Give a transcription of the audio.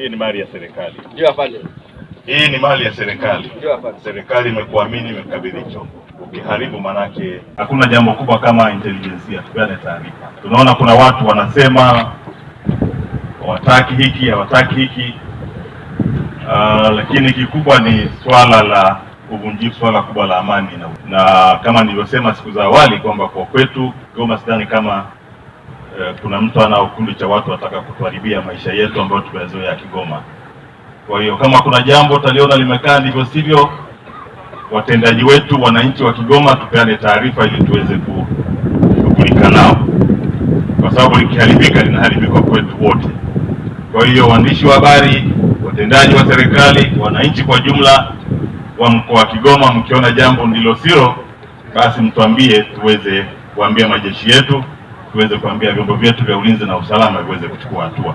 Hii ni mali ya serikali. Ndio afande. Hii ni mali ya serikali. Ndio afande. Serikali imekuamini, imekabidhi chombo. Ukiharibu manake, hakuna jambo kubwa kama intelligence. Tupeane taarifa. Tunaona kuna watu wanasema hawataki hiki, hawataki hiki. Uh, lakini kikubwa ni swala la uvunjifu, swala kubwa la amani na, na kama nilivyosema siku za awali kwamba kwa kwetu Goma sidhani kama Eh, kuna mtu ana ukundi cha watu wataka kutuharibia maisha yetu ambayo tumeyazoea ya Kigoma. Kwa hiyo kama kuna jambo taliona limekaa ndivyo sivyo, watendaji wetu, wananchi wa Kigoma, tupeane taarifa ili tuweze kushughulika nao, kwa sababu likiharibika linaharibika kwetu wote. Kwa hiyo waandishi wa habari, watendaji wa serikali, wananchi kwa jumla wa mkoa wa Kigoma, mkiona jambo ndilo silo, basi mtuambie tuweze kuambia majeshi yetu tuweze kuambia vyombo vyetu vya ulinzi na usalama viweze kuchukua hatua.